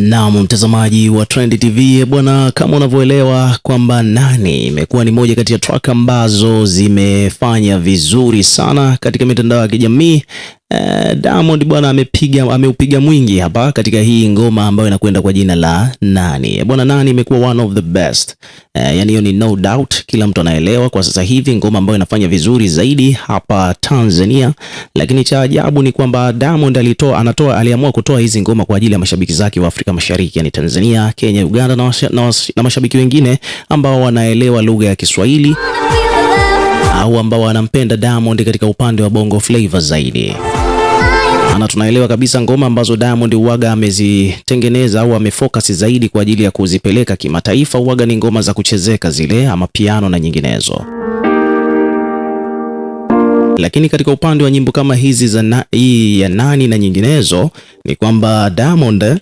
Naam, mtazamaji wa Trend TV bwana, kama unavyoelewa kwamba Nani imekuwa ni moja kati ya track ambazo zimefanya vizuri sana katika mitandao ya kijamii Eh, Diamond bwana amepiga ameupiga mwingi hapa katika hii ngoma ambayo inakwenda kwa jina la Nani. Bwana Nani imekuwa one of the best eh, yani hiyo ni no doubt, kila mtu anaelewa kwa sasa hivi ngoma ambayo inafanya vizuri zaidi hapa Tanzania, lakini cha ajabu ni kwamba Diamond alitoa anatoa aliamua kutoa hizi ngoma kwa ajili ya mashabiki zake wa Afrika Mashariki, yani Tanzania, Kenya, Uganda na, na, na mashabiki wengine ambao wanaelewa lugha ya Kiswahili au ambao wanampenda Diamond katika upande wa Bongo Flava zaidi. Ana tunaelewa kabisa ngoma ambazo Diamond uwaga amezitengeneza au amefocus zaidi kwa ajili ya kuzipeleka kimataifa uwaga ni ngoma za kuchezeka zile, ama piano na nyinginezo lakini katika upande wa nyimbo kama hizi za na, hii ya nani na nyinginezo ni kwamba Diamond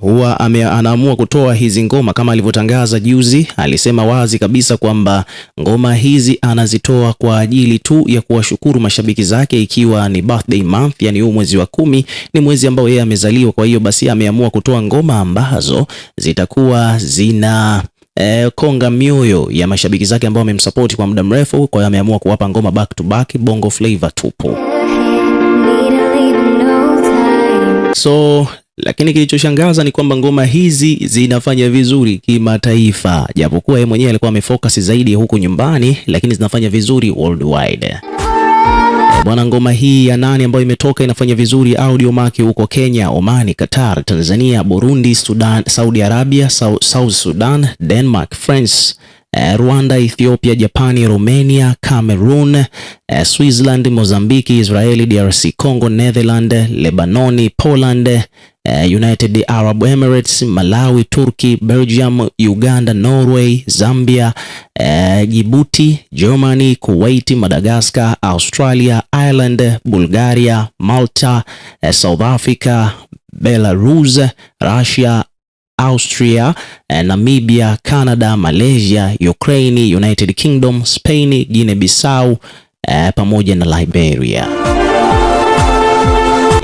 huwa anaamua kutoa hizi ngoma kama alivyotangaza juzi. Alisema wazi kabisa kwamba ngoma hizi anazitoa kwa ajili tu ya kuwashukuru mashabiki zake, ikiwa ni birthday month, yani huu mwezi wa kumi ni mwezi ambao yeye amezaliwa. Kwa hiyo basi ameamua kutoa ngoma ambazo zitakuwa zina E, konga mioyo ya mashabiki zake ambao wamemsupport kwa muda mrefu. Kwa hiyo ameamua kuwapa ngoma back to back bongo flavor tupu. So lakini kilichoshangaza ni kwamba ngoma hizi zinafanya vizuri kimataifa, japokuwa yeye mwenyewe alikuwa amefocus zaidi huku nyumbani, lakini zinafanya vizuri worldwide. Bwana, ngoma hii ya nani ambayo imetoka inafanya vizuri audio maki huko Kenya, Omani, Qatar, Tanzania, Burundi, Sudan, Saudi Arabia, South Sudan, Denmark, France Eh, Rwanda, Ethiopia, Japani, Romania, Cameroon, eh, Switzerland, Mozambiki, Israeli, DRC Congo, Netherland, Lebanoni, Poland, eh, United Arab Emirates, Malawi, Turki, Belgium, Uganda, Norway, Zambia, Djibouti, Germany, Kuwait, Madagascar, Australia, Ireland, Bulgaria, Malta, South Africa, Belarus, Russia, Austria, eh, Namibia, Canada, Malaysia, Ukraine, United Kingdom, Spain, Guinea Bissau eh, pamoja na Liberia.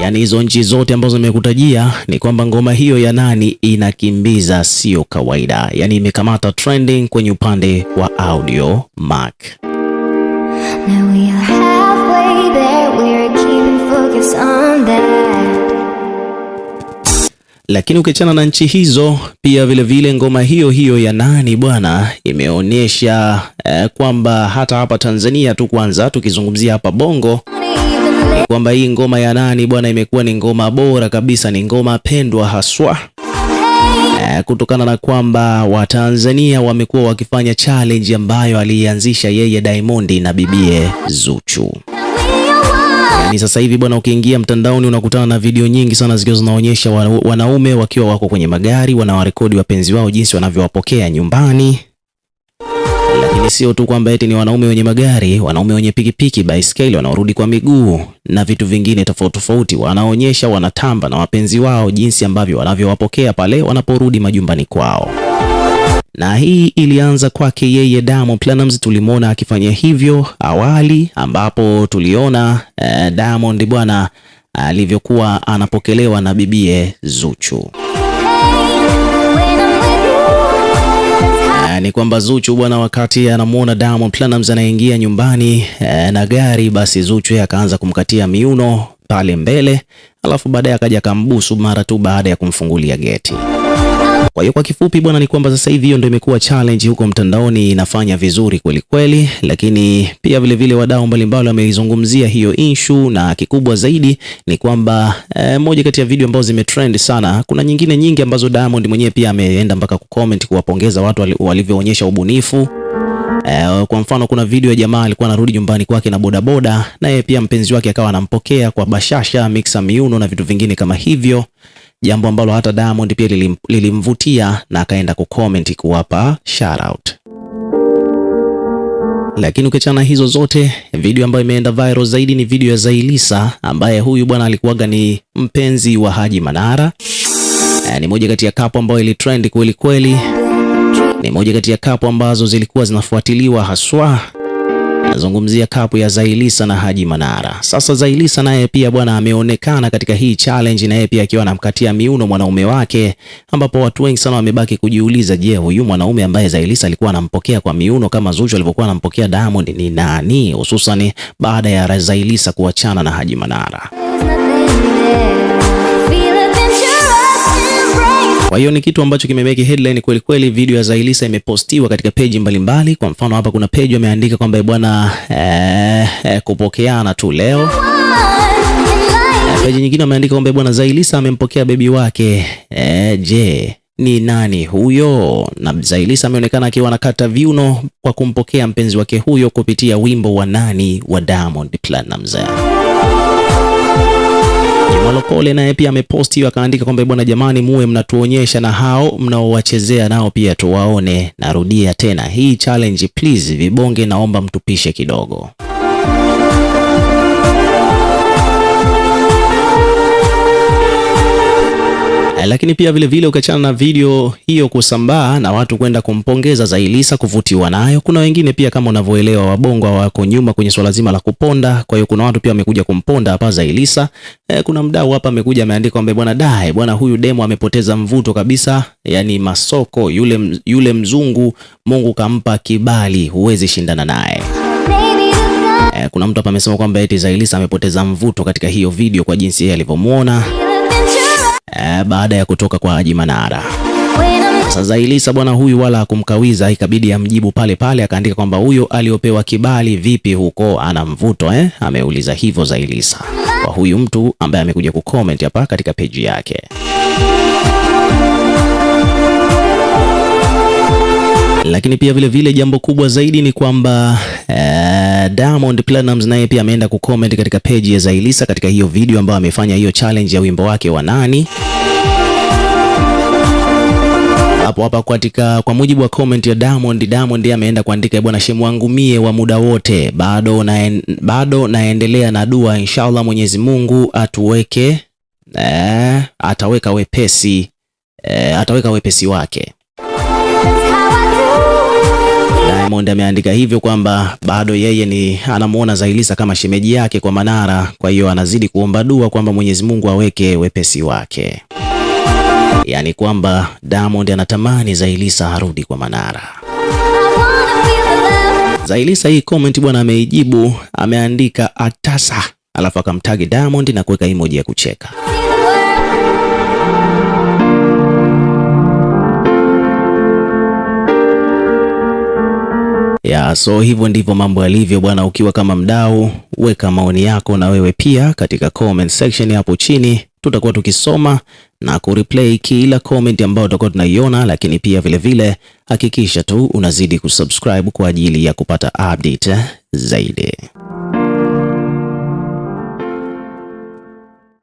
Yaani hizo nchi zote ambazo nimekutajia ni kwamba ngoma hiyo ya nani inakimbiza sio kawaida, yaani imekamata trending kwenye upande wa audio mark. Now we are halfway there, keeping focus on that. Lakini ukiachana na nchi hizo, pia vilevile vile ngoma hiyo hiyo ya nani bwana imeonyesha eh, kwamba hata hapa Tanzania tu kwanza, tukizungumzia hapa Bongo kwamba hii ngoma ya nani bwana imekuwa ni ngoma bora kabisa, ni ngoma pendwa haswa eh, kutokana na kwamba Watanzania wamekuwa wakifanya challenge ambayo aliianzisha yeye Diamond na bibie Zuchu. Yaani sasa hivi bwana, ukiingia mtandaoni unakutana na video nyingi sana zikiwa zinaonyesha wanaume wakiwa wako kwenye magari wanawarekodi wapenzi wao jinsi wanavyowapokea nyumbani. Lakini sio tu kwamba eti ni wanaume wenye magari, wanaume wenye pikipiki, baiskeli, wanaorudi kwa miguu na vitu vingine tofauti tofauti, wanaonyesha wanatamba na wapenzi wao jinsi ambavyo wanavyowapokea pale wanaporudi majumbani kwao na hii ilianza kwake yeye Diamond Platnumz. Tulimwona akifanya hivyo awali, ambapo tuliona eh, Diamond bwana alivyokuwa anapokelewa na bibie Zuchu. Eh, ni kwamba Zuchu bwana, wakati anamwona Diamond Platnumz anaingia nyumbani eh, na gari basi, Zuchu akaanza kumkatia miuno pale mbele, alafu baadaye akaja akambusu mara tu baada ya kumfungulia geti. Kwa hiyo kwa kifupi bwana, ni kwamba sasa hivi hiyo ndio imekuwa challenge huko mtandaoni, inafanya vizuri kweli kweli, lakini pia vilevile wadau mbalimbali wameizungumzia hiyo issue, na kikubwa zaidi ni kwamba eh, moja kati ya video ambazo zimetrend sana, kuna nyingine nyingi ambazo Diamond mwenyewe pia ameenda mpaka kucomment kuwapongeza watu walivyoonyesha ubunifu. Eh, kwa mfano kuna video ya jamaa alikuwa anarudi nyumbani kwake na bodaboda, naye pia mpenzi wake akawa anampokea kwa bashasha, mixa miuno na vitu vingine kama hivyo jambo ambalo hata Diamond pia lilim, lilimvutia na akaenda kucomment kuwapa shout out. Lakini ukiachana hizo zote, video ambayo imeenda viral zaidi ni video ya Zailisa ambaye huyu bwana alikuwaga ni mpenzi wa Haji Manara. E, ni moja kati ya kapo ambayo ilitrend kweli kweli, ni moja kati ya kapo ambazo zilikuwa zinafuatiliwa haswa Nazungumzia kapu ya Zailisa na Haji Manara. Sasa Zailisa naye pia bwana ameonekana katika hii challenge, naye pia akiwa anamkatia miuno mwanaume wake, ambapo watu wengi sana wamebaki kujiuliza, je, huyu mwanaume ambaye Zailisa alikuwa anampokea kwa miuno kama Zuchu alivyokuwa anampokea Diamond ni nani? Hususan baada ya Zailisa kuachana na Haji Manara. Kwa hiyo ni kitu ambacho kimemeki headline kweli kweli. Video ya Zailisa imepostiwa katika peji mbalimbali. Kwa mfano hapa kuna peji wameandika kwamba eh, bwana eh, eh, kupokeana tu leo Peji nyingine ameandika kwamba eh, bwana Zailisa amempokea bebi wake. E, je, ni nani huyo? Na Zailisa ameonekana akiwa anakata viuno kwa kumpokea mpenzi wake huyo kupitia wimbo wa nani wa Diamond Platnumz. Walokole naye pia ameposti akaandika kwamba bwana, jamani, muwe mnatuonyesha na hao mnaowachezea nao pia tuwaone. Narudia tena hii challenge please, vibonge, naomba mtupishe kidogo. lakini pia vile vile ukiachana na video hiyo kusambaa na watu kwenda kumpongeza Zailisa kuvutiwa nayo, kuna wengine pia kama unavyoelewa, wabongo wako nyuma kwenye swala zima la kuponda. Kwa hiyo kuna watu pia wamekuja kumponda hapa Zailisa. E, eh, kuna mdau hapa amekuja ameandika kwamba bwana dai bwana, huyu demo amepoteza mvuto kabisa, yani masoko yule, yule mzungu Mungu kampa kibali, huwezi shindana naye. E, kuna mtu hapa amesema kwamba eti Zailisa amepoteza mvuto katika hiyo video kwa jinsi yeye alivyomwona eh, baada ya kutoka kwa Haji Manara. Sasa Zailisa bwana huyu wala hakumkawiza, ikabidi amjibu pale pale, akaandika kwamba huyo aliopewa kibali vipi huko ana mvuto eh? Ameuliza hivyo Zailisa kwa huyu mtu ambaye amekuja kucomment hapa katika peji yake. Lakini pia vile vile jambo kubwa zaidi ni kwamba Eh, Diamond Platnumz naye pia ameenda kucomment katika page ya Zailisa katika hiyo video ambayo amefanya hiyo challenge ya wimbo wake wa nani hapo hapa katika kwa mujibu wa comment ya Diamond, Diamond ameenda kuandika bwana, shemu wangu mie wa muda wote bado, na, bado naendelea na dua, inshallah Mwenyezi Mungu atuweke eh, ataweka wepesi eh, ataweka wepesi wake. Diamond ameandika hivyo kwamba bado yeye ni anamuona Zailisa kama shemeji yake kwa Manara, kwa hiyo anazidi kuomba dua kwamba Mwenyezi Mungu aweke wepesi wake, yaani kwamba Diamond anatamani Zailisa arudi kwa Manara. Zailisa hii comment bwana ameijibu, ameandika atasa, alafu akamtagi Diamond na kuweka emoji ya kucheka. ya so hivyo ndivyo mambo yalivyo bwana. Ukiwa kama mdau, weka maoni yako na wewe pia katika comment section hapo chini, tutakuwa tukisoma na kureplay kila comment ambayo tutakuwa tunaiona, lakini pia vilevile vile, hakikisha tu unazidi kusubscribe kwa ajili ya kupata update zaidi.